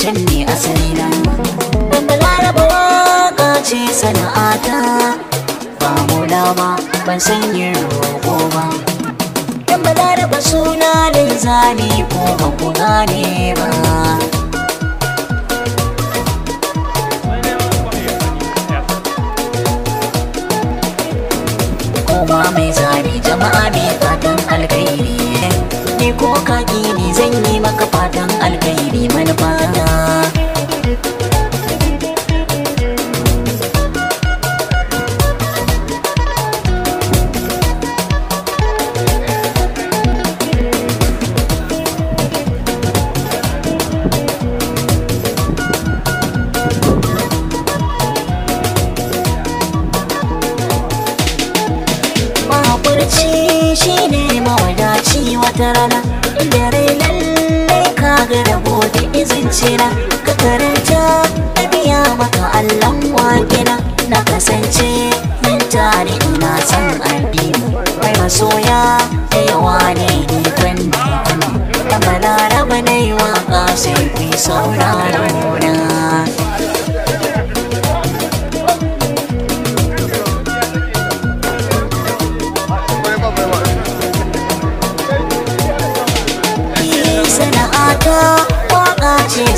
can ne asali na Wanda laraba waka ce sana'ata Ba mu dama ban san yin roƙo ba Dan ba suna da zane ko ba ne ba Koma mai zane jama'a mai shi ne mawadaci wata rana rai lallai ka ga rabo da izin na. ka karanta a biya maka allon wakina na kasance nan tare ina son addini mai masoya da yawa ne ikon da kuma da balaraba na yi waka sai fi sauraron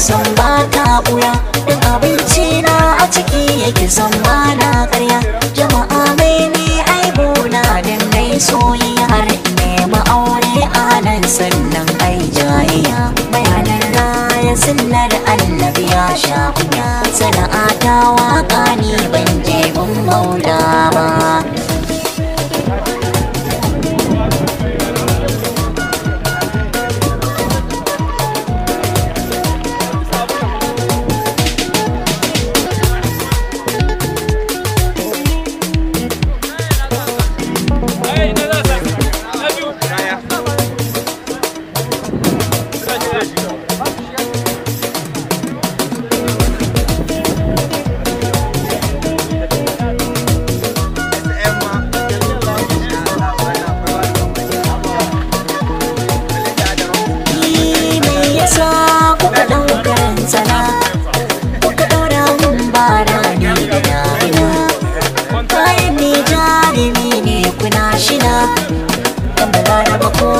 san ba ta buya Duk abinci na a ciki yake san ba na karya Jama'a mai ne aibu na din nai soyayya Har ne aure a nan sannan ai jayayya Bayanan raya sunnar annabi ya sha kunya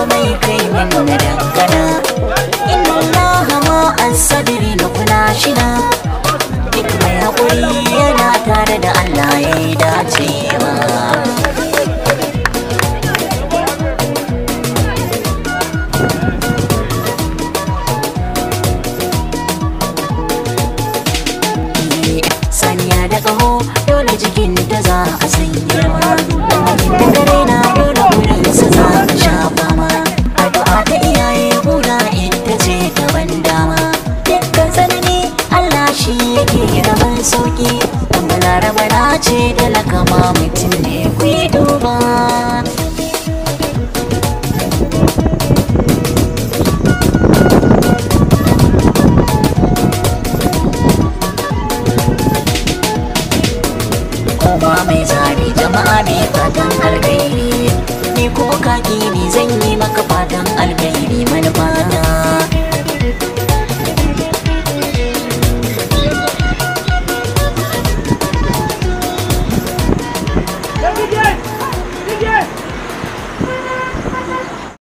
mai kai na dangana inna allaha ma an sadiri na kula shida duk mai haƙuri yana tare da allah ya yi dacewa Sanya da ƙaho dole jikin da za a sanyewa. Daga sauki dan balaraba na ce talaka ma mutum ne ku yi duba mai zabi jama'a ne fatan alkairi ni ko kaki ne zan yi maka fatan alkairi manufa